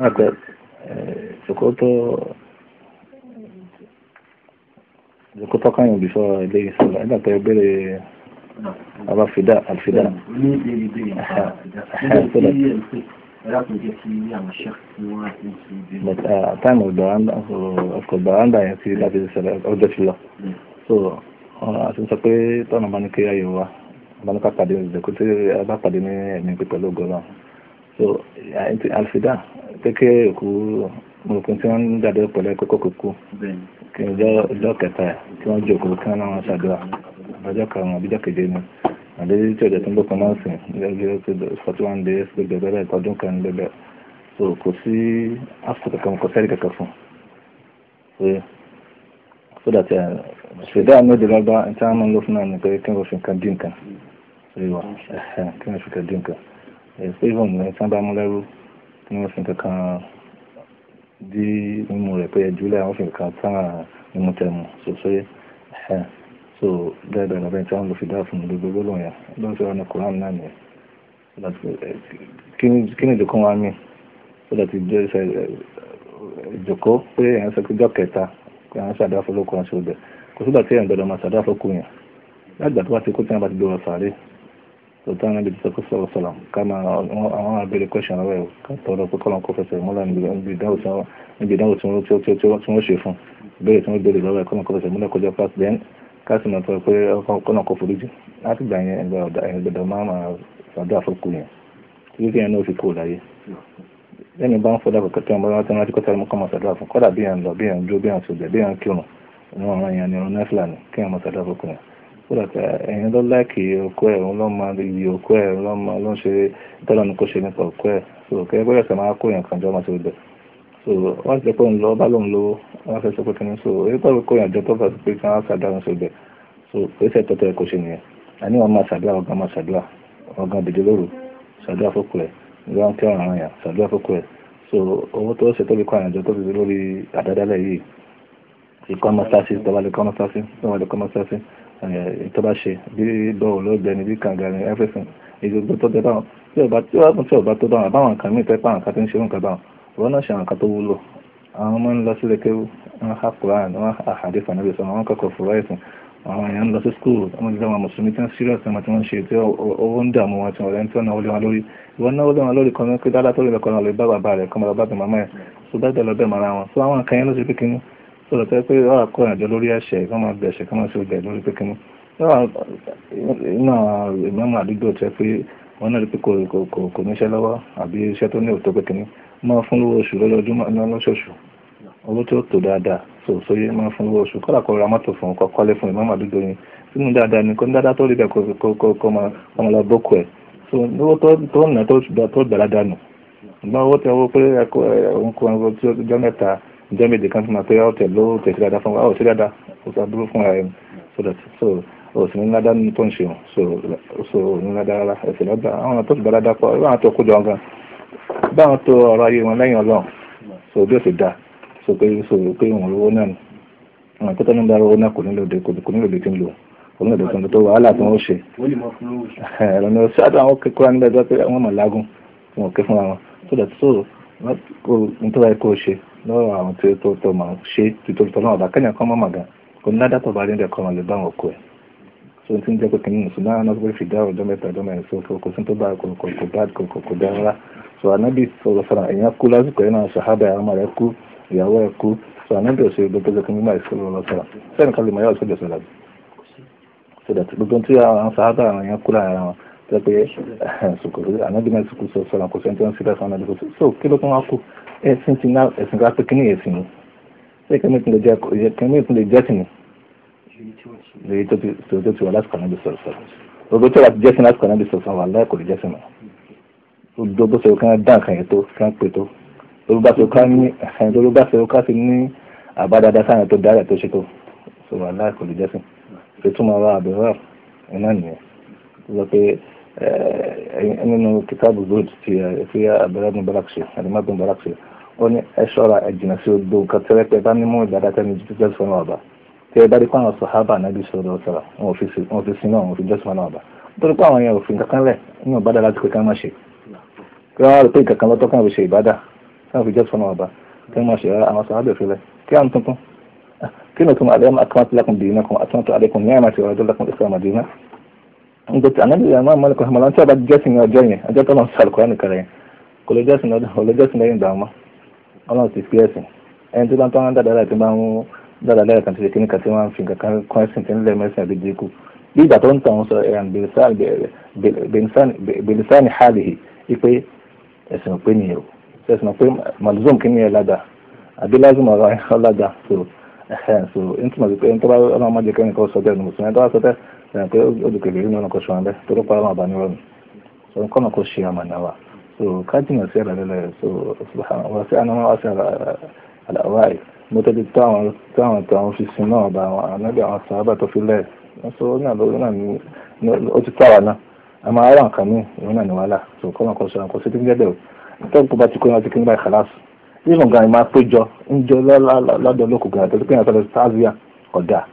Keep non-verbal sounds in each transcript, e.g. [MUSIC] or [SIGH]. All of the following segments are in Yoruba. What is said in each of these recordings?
Aga, Sokoto, Sokoto Kanyo before leaving Sola, I don't know about Fida, Al-Fida. Ní ìbéèrè ìbéèrè nípa Fida, nígbà tí ẹ̀rákùn jẹ́ kí àwọn ṣẹ́kù tí wọ́n ti ń ṣe ìbéèrè. But uh, time ọ̀dọ̀ Bàrándà yẹn ti láti ṣẹlẹ̀ ọjọ́ ti lọ. Hmm. So, uh, a ti sọ pé tọ́nà bá ní kí ayò wa, bá ní ká pàdé ìjẹ́kú tí a bá pàdé ní ẹ̀mí pípẹ́ lógo náà so àlùfídà kéke òkú òkun tí wọ́n ń dàdé pẹ̀lú kókó kókó kí ọjọ́ kẹta tí wọ́n jòkó kí wọ́n náà ṣàdúrà ọjọ́ karùn-ún àbíjọ́ keje ni àdéjì tí ọjọ́ tó ń bọ̀kan náà sìn lẹ́gbẹ̀ẹ́ tó forty one days gbẹgbẹ́ bẹ́ẹ̀ ọdún kan lẹ́gbẹ̀ẹ́ so kò sí áfíríkà kankan kò sẹ́rí kankan fún pé so that eh, ṣèdá ní òde lọ́gbà tí wọ́n máa ń lò fún náà ni pé kí wọ́n fi nǹkan dín nǹkan kí wọ́n fi nǹkan dín nǹkan seven ní sábà mú lẹ́rú tí wọ́n fi kankan dí mímú rẹ̀ pé ẹjú lẹ́yìn àwọn fi kankan tán mímú tẹ̀mù sòsó yẹ so bẹ́ẹ̀ bẹ́ẹ̀ lọ́bẹ̀ tí wọ́n lò fi dá fún mi gbogbo lóyún lọ́wọ́ sọ̀rọ̀ ní koran náà nìyẹn kí ni ìdókòwò wa mi sọ́dọ̀ ti jẹ́ ìjòkó pé èèyàn sọ pé jọ́ kẹta pé àwọn ṣàdá fọlọ́kùn àṣọ ọbẹ̀ kò sígbà tí èèyàn gbọ́dọ̀ máa ṣàdá fọlọ́kùn yẹn lágbà tó bá ti kó tí wọ́n bá ti gbé wọn sàárè sọtá náà bìí sọkọ sọ̀rọ̀ sọ̀rọ̀ ká máa àwọn abẹ́rẹ́ kọ́ṣán rẹ̀ o ká tọrọ pé kọ́lọ́n kó fẹsẹ̀ mọ́lá níbi ìdáhùn tí wọ́n ṣe fún bẹ́ẹ̀ tí wọ́n bẹ̀rẹ̀ lọ́wọ́ ẹ̀ kọ́lọ́n kó fẹsẹ̀ mọ́lá kọjá past then ká sì máa tọrọ pé kọ́lọ́n kó foríjì láti gbà yẹn ẹgbẹ́ ọ̀dà ẹ̀yìn gbẹ̀dọ̀ máa máa sàdúrà fọ́kù yẹn títí kí yẹn náà fi kú láyé lẹ́nu bá ń fọdà kọ̀kẹ́ tí wọ́n bá rántí rántí kọ́tà mọ́kàn máa sàdúrà fún kọ́dà bí yẹn lọ bí yẹn dúró bí yẹn sódàtà ẹ̀yin ló láìkì òkú ẹ̀ òun ló máa iyì òkú ẹ̀ òun ló máa ló ń ṣe tọ́lá ní kó ṣe nípa òkú ẹ̀ so kẹ́kẹ́ bọ́dọ̀ sọ máa kó yàn kan jọ máa ṣe gbẹ̀ so wọ́n ti sọ pé òun lọ bá lòun lówó wọ́n fẹ́ sọ pé kíní so èyí pẹ̀lú kó yàn jọ tó fà pé kí wọ́n ṣàdá wọn ṣe gbẹ̀ so pé sẹ́ tọ́tọ́ ẹ̀ kó ṣe nìyẹn àní wọn máa ṣàdúrà ọgán máa ṣàdúrà ọgán dìde lóru ṣàdúrà so owó tó ṣe tó fi kó àyànjọ tó fi ìkọ́ mọ́sáàsì tọ́ba lè kọ́ mọ́sáàsì tọ́ba lè kọ́ mọ́sáàsì ìtọ́ba ṣe bí bọ́ọ̀ lọ́gbẹ́ni bí kànga ni everything ìgbogbo tó tẹ báwọn tí ọba tí ọba tí ọba tó báwọn àbáwọn nǹkan mìíràn pẹ́pẹ́ àwọn nǹkan tó ń ṣe nǹkan báwọn ìwọ náà ṣe àwọn nǹkan tó wúlò àwọn ọmọ ń lọ sílé kéwú wọn ha quran wọn àhàdé fanabi sọ wọn kọ́kọ́ fúra ẹsùn àwọn èèyàn ń lọ sí skul wọn ti dáwọn mùsùlùmí tí wọn serious ẹmọ tí wọn ṣe tí owó ń dààmú wọn tí wọn lẹni tí wọn náwó lé wọn lórí ìwọ náwó lé wọn lórí kan ní pé dáadáa tó lè lọkọ náà lè bá bàbá rẹ kọ́ mọ́ lọ bá bẹ̀ màmá ẹ̀ so bẹ́ẹ̀ bẹ́ẹ̀ lọ bẹ́ẹ̀ mọ́ra wọn so àwọn nǹkan yẹn ló ṣe pé kínní sọ̀rọ̀ tẹ́ pé wọ́n ah, àkọ́ ìrìnàjò lórí ẹ̀ṣẹ̀ kí wọ́n máa bẹ̀ṣẹ̀ kí wọ́n sì bẹ̀ lórí pínpín iná ìmọ̀ọ́mọ̀ àdúgbò tẹ́ pé wọ́n náà rí pé kò níṣẹ́ lọ́wọ́ àbí iṣẹ́ tó ní òótọ́ pé kínní máa fún lówó oṣù lọ́jọ́júmọ́ iná lọ́ṣọ̀ṣù owó tó tó dáadáa so sóyè máa fún lówó oṣù kọ́lá kó ra mọ́tò fún kọ́ kọ́lé fún ìmọ̀ọ́mọ̀ àdúgbò yẹn sínú dáadáa ni kó ní dáadáa tó rí bẹ́ẹ̀ kó máa lọ bókù ẹ̀ so lówó tó nà tó gbàlá dànù ìgbà owó tẹ owó pé ẹ̀kọ́ ẹ̀kọ́ tí ó jọ mẹ́ta ìjọ méje kan tí mo pé ọ̀tẹ̀ ló tẹ̀sí dáadáa fún wa ọ̀ sí dáadáa ó sá dúró fún ẹ̀ eh, so that so ó sì ní ládá tó ń ṣe so so ó ní ládá rárá ẹ̀sẹ̀ lọ́dà àwọn tó ti bá ládá pọ̀ báwọn tó kójọ gan báwọn tó ọ̀rọ̀ ayé wọn lẹ́yìn ọlọ́run so bí ó sì dáa so pé so pé òun lówó náà ni àwọn akẹ́kọ̀ọ́ náà dára owó náà kò nílò de kò nílò de kí n lò òun náà dọ̀tun tó wàhálà tí wọ́n ṣe ẹ̀rọ ni ṣáàtà àwọn kékeré nígbà tó wọ́n mọ̀ lágùn wọn ò ké fúnra wọn so that so wọ́n tó báyìí kó ṣe lọ́rọ̀ àwọn tí ó tó tọ́ máa ṣe títorí tọ́ náà ọ̀dàkẹ́yìn kan mọ́ màgá kò ní ládàtọ̀ bá rí ń dẹ̀kọ́ máa lè bá àwọn ọkọ ẹ̀ so tí ń jẹ́ pé kìnnìún sùn náà náà fi ọjọ́ mẹ́ta ọjọ́ mẹ́rin so kò sí tó bá kò kò kò bá kò kò kò dá rárá so ànábì sọ̀rọ̀ sọ̀rọ̀ èèyàn kú lásìkò ẹ̀ náà sàhábà ọmọ rẹ̀ kú ìyàwó ẹ̀ kú so ànábì ò ṣe gbogbo ẹgbẹ́ kìnnìún máa sọ̀rọ̀ lọ sọ̀rọ̀ sẹ́ni kan lè mọ yàrá sọ̀rọ̀ sọ̀rọ̀ so that gbogbo tí àwọn sàhábà èèyàn kú lára [LAUGHS] so kí ló tún ẹ̀sìn ti náà ẹ̀sìn ká pé kí ni ẹ̀sìn ni ṣé kẹ́mi tún lè jẹ́ kẹ́mi tún lè jẹ́ sìn ni lèyí tó ti wà lásìkò náà bí sọ̀rọ̀ sọ̀rọ̀ gbogbo tó wà ti jẹ́sìn lásìkò náà bí sọ̀rọ̀ sọ̀rọ̀ wà láì kò lè jẹ́sìn mọ́ gbogbo bó sọ̀rọ̀ kan dán kan yẹn tó kan pè tó gbogbo bá sọ̀rọ̀ kan ní ẹ̀hìn gbogbo bá sọ̀rọ̀ kan ti ní àbádáda sáyẹn tó dára tó ṣe tó sọ̀rọ̀ wà láì kò lè jẹ́sìn pé tó máa wá àbẹ̀wò iná nìyẹn lọ pé nínú ó ní ẹ ṣọ́ra ẹ jìnnà sí odò nǹkan tẹ́rẹ́ pé bá mímú ìgbàdá tẹ́ni jù jẹ́ sọ́nà ọ̀bà tí ẹ bá rí pàwọn sọ̀hábà náà bí sọ̀rọ̀ ọ̀sọ̀rọ̀ wọn ò fi sin náà wọn ò fi jẹ́ sọ́nà ọ̀bà torí pé àwọn yẹn ò fi nǹkan kan lẹ̀ inú ìbádà láti pé ká má ṣe kí wọ́n rò pé nǹkan kan lọ́tọ́ káwọn fi ṣe ìbádà káwọn fi jẹ́ sọ́nà ọ̀bà kí wọ́n má ṣe àwọn sọ̀hábà fi lẹ̀ kí wọ́n tuntun kí ni tún àdéhùn akọ́mọ́tì lákùn dìínà kan àtúntò àdékùn ní àmàtì ọ̀rọ̀ lákùn ìsìlámù dìínà ngbẹ̀tì ànábì àmọ́ àmọ́ ẹ̀kọ́ ọmọlá tí a bá jẹ́sìn ọjọ́ yẹn ọjọ́ tó lọ sọ àlùkò rẹ̀ nìkan rẹ̀ kò lè jẹ́sìn lọ́dún lẹ́yìn ìdààmú ọlọ́run ti fi ẹ̀sìn ẹni tó bá ń tọ́ wọn dáadáa láti máa ń dáadáa lẹ́yìn kan ti ṣe kíní kan tí wọ́n fi nǹkan kan kọ́ ẹ̀sìn tí ń lẹ́ mẹ́sìn àti dínkù bí ìgbà tó ń tàn sọ ẹ̀ràn bẹ̀lẹ́sàn hàlìhì ipe ẹ̀sìn òpé nìyẹn o ẹ̀sìn òpé màlúzùm kí nìyẹn ládàá àbí lázùm ọ̀rọ̀ ẹ̀ ládàá so ẹ̀hẹ́n so n túmọ̀ sí pé n tó bá ọlọ́run máa jẹ kẹ́rin kan sọ bẹ́ẹ̀ nù sùn ẹ̀ tó bá sọ bẹ́ẹ̀ ẹ̀ràn pé ó dùkẹ̀lẹ̀ nínú ọ̀nà kan ṣọ̀rọ̀ bẹ́ẹ̀ tó ló pa ọlọ́run àbáníwọ̀n mi so so katin sai lalala so subhanahu wa sai anama wa sai al'awari mọ́tẹ́lì táwọn táwọn táwọn fi sin náà bá àwọn anábì àwọn sábà tó fi lẹ̀ so ó náà lórí náà ni ó ti táwa náà a máa rà nǹkan mí ìwọ́n náà ní wàhálà so kọ́ máa kọ́ sọ àkọsí tí ń gẹ́gẹ́ o tẹ́kù bá ti kó yẹn ti kí ń bá ìkàlásù yíyan gan máa péjọ ń jọ lọ́dọ̀ lóko gan àti pé àtàlẹ́ tazia ọ̀dà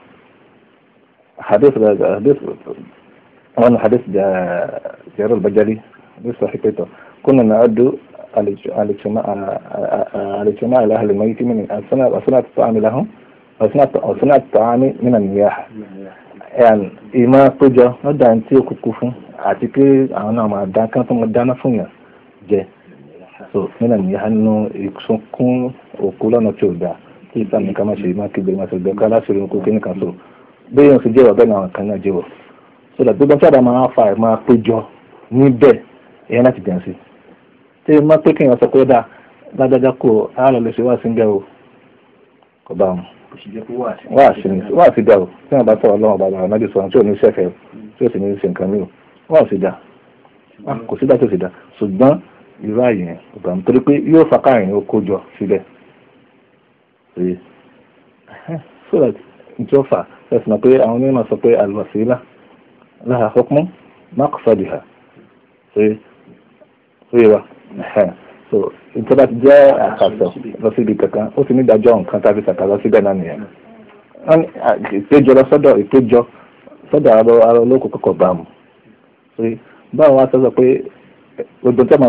hadith hadith wọn hadith jẹ́rọ̀ bàjẹ́rì hadith sahih pẹ̀tọ̀. كنا نعد الاجتماع على أهل الميت من أثناء الطعام لهم أثناء الطعام من النياحة يعني ìmọ̀ péjọ lọ́dọ̀ àwọn tí ó kúkú fún àti pé àwọn náà máa dá kán tó máa dáná fún yàn jẹ so nínà níyà nínú ìsunkún òkú lọ́nà tí ò dáa tí ìsàmì ká má ṣe má kígbe má ṣe gbẹ ká láṣìírí okú kí nìkan so bí yóò ṣe jẹ́wọ́ bẹ́ẹ̀ náà kan náà jẹ́wọ́ so dàgbé bá sábà máa fa ẹ̀ máa péjọ níbẹ̀ ìyẹn láti dàn sí i ṣé mọ́ pé kéèyàn sọ pé ó dáa lágbájá kò á lọ lè ṣe wá sí ń gẹ̀ o kò bá wọn. wá sí ni wá sí dá o tí wọn bá sọ̀rọ̀ lọ́wọ́ bàbá àwọn ọ̀nàdì sọ̀rọ̀ tí ò ní sẹ́fẹ̀ tí ò sì ní ṣe nǹkan mí o wá sí dá ah, kò sí dá tó sì dá ṣùgbọ́n irú àyè yẹn kò bá wọn torí pé yóò fa káàrin ó kó jọ síbẹ̀ so that ìjọfà ẹ̀sìn náà pé àwọn onímọ̀ sọ pé àlùwàsílà láhà hukmu maqsadiha ṣe ṣe wa so ìjọba ti jẹ́ àkàsọ̀ lọ síbi kankan ó ti ní ìdájọ́ nǹkan tàbí sàkàsọ̀ síbẹ̀ náà nìyẹn wọ́n ìpéjọ lọ sọ́dọ̀ ìpéjọ sọ́dọ̀ ara olóko kọ̀kọ̀ bá mu báwo wá sọ pé gbogbo tẹ́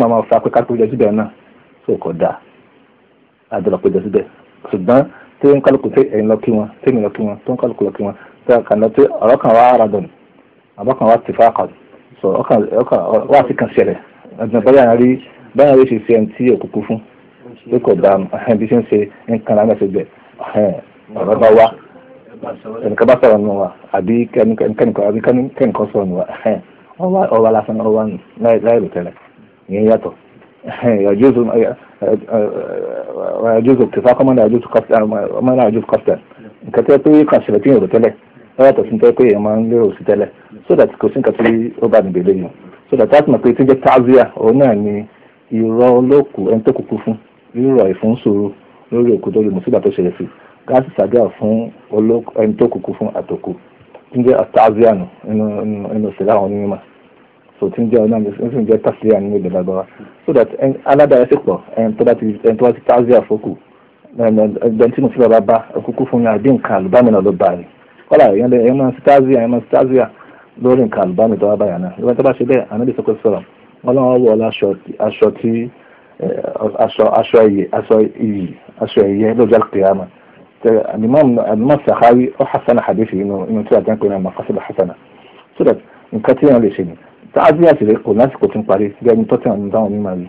màmá fa pé kápẹ́ ìjọ síbẹ̀ náà tó kọ̀ dáa àdọ̀lọ̀ péjọ síbẹ̀ ṣùgbọ́n tí ń kálukú tí ẹ̀yin lọ kí wọn tí èmi lọ kí wọn tó ń kálukú lọ kí wọn tí a kàn lọ tí ọ̀rọ̀ kan wá ara dọ̀nù àbọ̀ kan wá tìfá kan sọ ọ̀kan wá sí kan ṣẹlẹ̀ ẹ̀sìn báyà rí báyà rí ṣe ṣe ẹni tí òkùnkùn fún pé kò bá ẹni bí ṣe ń ṣe nǹkan láti ṣe bẹ̀ ọ̀rọ̀ bá wá ẹnìkan bá sọ̀rọ̀ nù wa àbí kẹ́nìkan sọ̀rọ̀ nù wa ọwọ́ lásán ọwọ́ nù láì lò tẹ́lẹ̀ ìyẹn yàtọ̀ yajuzu tìfákọ́ mọ́nà yajuzu kọ́sítẹ̀ um, nǹkan tẹ́ pé kàn ṣẹlẹ̀ tí yẹn rò tẹ́lẹ̀ lọ́yàtọ̀ sí tẹ́ pé èèyàn máa ń lérò sí tẹ́lẹ̀ so that kò sí nǹkan tí ó bá nìbẹ̀lẹ̀ so that that's my pé tó jẹ́ tazia òun náà ni ìrọ̀ olóòkú ẹni tó kúkú fún rírọ̀ ìfúnṣòro lórí òkú tó lè mú sígbà tó ṣẹlẹ̀ sí gáàsì sàdúrà fún ẹni tó kúkú fún àtòkù tí ń jẹ́ tazia nù nínú ìṣẹ̀lẹ̀ àwọn onímọ̀ so tí ń jẹ́ ọ̀nà ń sì ń jẹ́ tazia nínú ìdọ̀lá bá wa so that en ẹni tó bá ti tazia fókù ẹgbẹ́ tí mo sì bá bá kúkú fún ní àdínkà àlùbámi náà ló bá rí kọ́lá ẹ̀yán máa ń tazia ẹ̀yán máa ń tazia lórí nǹkan àlùbáàmì tó wá báyà náà ìwé tó bá ṣe bẹ́ẹ̀ ànábì sọ́kọ́ sọ̀rọ̀ wọn lọ́wọ́ wọ aṣọ tí aṣọ iyì aṣọ ẹ̀yẹ lọ́jọ́ àkìyàmà alimọ́ sàkáwí ọ hasana hadithi inú inú tí a jẹ́ pé náà maqasid hasana so that nǹkan tí wọ́n lè ṣe ni tààzí àṣìlẹ̀ kò lásìkò tún parí bí ẹni tọ́tí àwọn táwọn onímọ̀ rí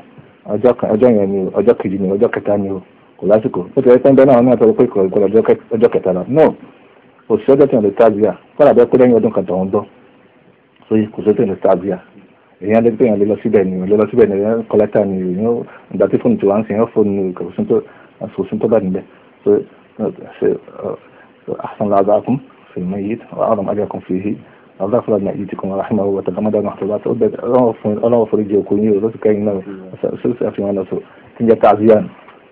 ọjọ́ yẹn ni ọjọ́ kejì ni ọjọ́ kẹta ni o kò lásìkò ó ti rẹ pé ń bẹ náà tọrọ pé kò ọjọ́ kẹta lọ no òṣìṣẹ́ ọjọ́ tí wọ́n lè tààzí à kọ́lá bẹ́ẹ̀ pé lẹ́yìn ọdún kan tọ̀hún dán soy cosete no está bien èèyàn lè gbèyàn lè lọ síbẹ̀ ni lè lọ síbẹ̀ ni èèyàn kọ́lẹ́tà ni èèyàn ìgbà tí fóònù ti wá ń sìn èèyàn fóònù kòsùn tó bá níbẹ̀ so ṣe أحسن لأعضاءكم في الميت وأعظم أجركم فيه الله فلا نأتيكم رحمه وتغمد محتوبات أبد أنا وفريج يكوني ورزق إنه سلسة في مانا سو تنجا تعزيان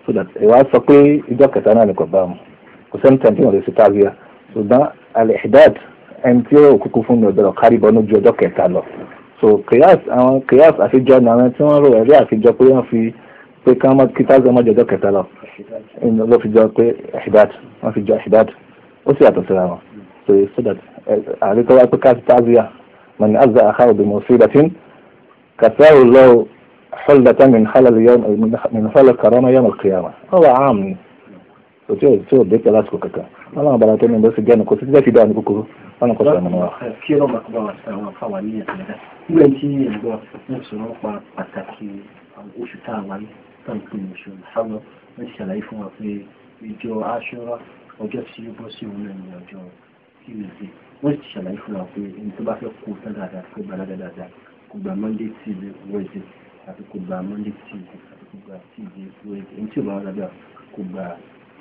سودات إيواز فقوي إجاك تانا لكبام وسنتين وليس تعزيان سودان الإحداد ẹni tí ó kúkú fún mi ò kárí bọ́nú ju ọjọ́ kẹta lọ so kìyàs àwọn kìyàs àfijọ́ ni àwọn tí wọ́n rò ẹ̀rí àfijọ́ pé wọ́n fi pé kí wọ́n kí táwọn ọmọ jọjọ́ kẹta lọ ló fi jọ pé ẹ̀hìdáàd wọ́n fi jọ ẹ̀hìdáàd ó sì yàtọ̀ síra wọn so so that àrí tó wá pé ká táàzíà mà ní azza àkàrò bí mo sí ìdàtín kàtàrò lọ xulda min xalal yom min xalal karona yom alqiyama ọwọ àmì tí o tí o dé pẹ lásìkò kankan wọn làwọn bàrà tó ní bó ṣe jẹ nìkó títí dẹ́fi dáa ní kúkúrú wọn kò sọ ọmọ wa. kí ọlọ́run bá kọ́ bá wa fáwa ní ẹ̀sìn ẹ̀dá nígbà tí ẹ̀gbọ́n ń sọ̀rọ̀ pa pàtàkì oṣù tá a wà ní tàǹkì oṣù sábà ń ṣàlàyé fún wa pé ìjọ aṣọra ọjọ́ tí ó bọ́ sí òun náà ní ọjọ́ tuesday wọ́n ti ṣàlàyé fún wa pé ẹni tó bá fẹ́ kó tán dáadáa kó gbà dáadáa kó gbà monday tuesday wednesday àti kó gbà monday tuesday àti kó gbà tuesday wednesday ẹni tí ò bá wà dáadáa kó gbà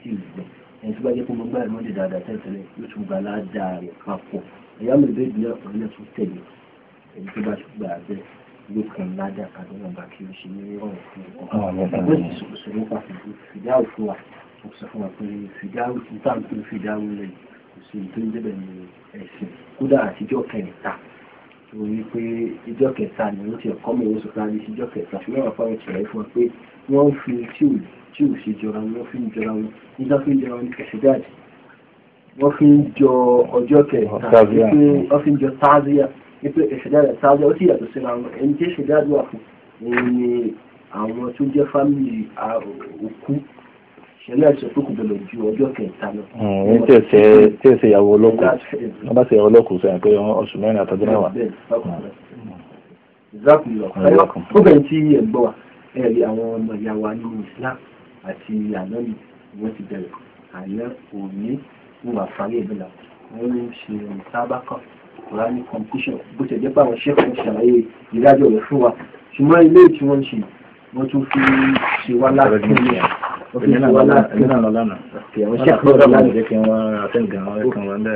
tí ì gbẹ ẹni tó bá jẹ́ kó mo gbá ìmọ̀lẹ̀ dáadáa tẹ́tẹ́lẹ̀ yóò tún gba aládàá rẹ̀ papọ̀ ẹ̀yà mi lè bí ọ̀rẹ́ náà tún tẹ̀lé ẹni tó bá tún gbà bẹ́ẹ̀ ló kàn ládàá kan nínú ọba kí o ṣe ní ìrọ̀rùn fún ọ. ó sì sọ̀rọ̀ nípa fìdáwò fún wa ó sọ fún wa pé fìdáwò sọ wípé ìjọ kẹta ni wọ́n ti ẹ̀kọ́ mọ̀ wọ́n sọ pé àbí ìjọ kẹta ṣùgbọ́n àwọn afáwọn ìṣẹ̀lẹ̀ fún wa pé wọ́n fi tí ò tí ò ṣe jọra wọ́n fi ń jọra wọn nígbà fi ń jọra wọn ní kẹsìdáàdì wọ́n fi ń jọ ọjọ́ kẹta wípé wọ́n fi ń jọ táàzíà wípé ẹ̀ṣẹ̀dáàdì táàzíà ó sì yàtọ̀ síra wọn ẹni tí ẹ̀ṣẹ̀dáàdì wà fún òun ni àwọn tó jẹ́ fámìlì òkú ṣẹlẹ̀ ṣe tó kù bẹ̀rẹ̀ ju ọjọ́ kẹta lọ. ẹ hmm, tí ẹ ṣe tí ẹ ṣe ìyàwó ọlọ́kù wọn bá ṣe ìyàwó ọlọ́kù sọ àpé oṣù mẹ́rin àtọ́jú mẹ́wàá. Hmm. Hmm. ó bẹ̀rẹ̀ tí ẹ gbọ́ wa ẹ rí àwọn ọmọ ìyá wa nínú Islam àti àná yìí wọ́n ti bẹ̀rẹ̀ àná òní wọn àfààní ìbílà wọ́n ń ṣe ìsábàkọ̀ Kùránì competition bó ti jẹ́ pé àwọn ṣẹ́kù ṣàlàyé ìdájọ́ rẹ̀ fún wa ṣùgbọ́n ilé tí wọ́n ń ṣe wọ́n tún fi ṣe wá láti ilé òfin ìwà lánàá òfin ìwà lánàá.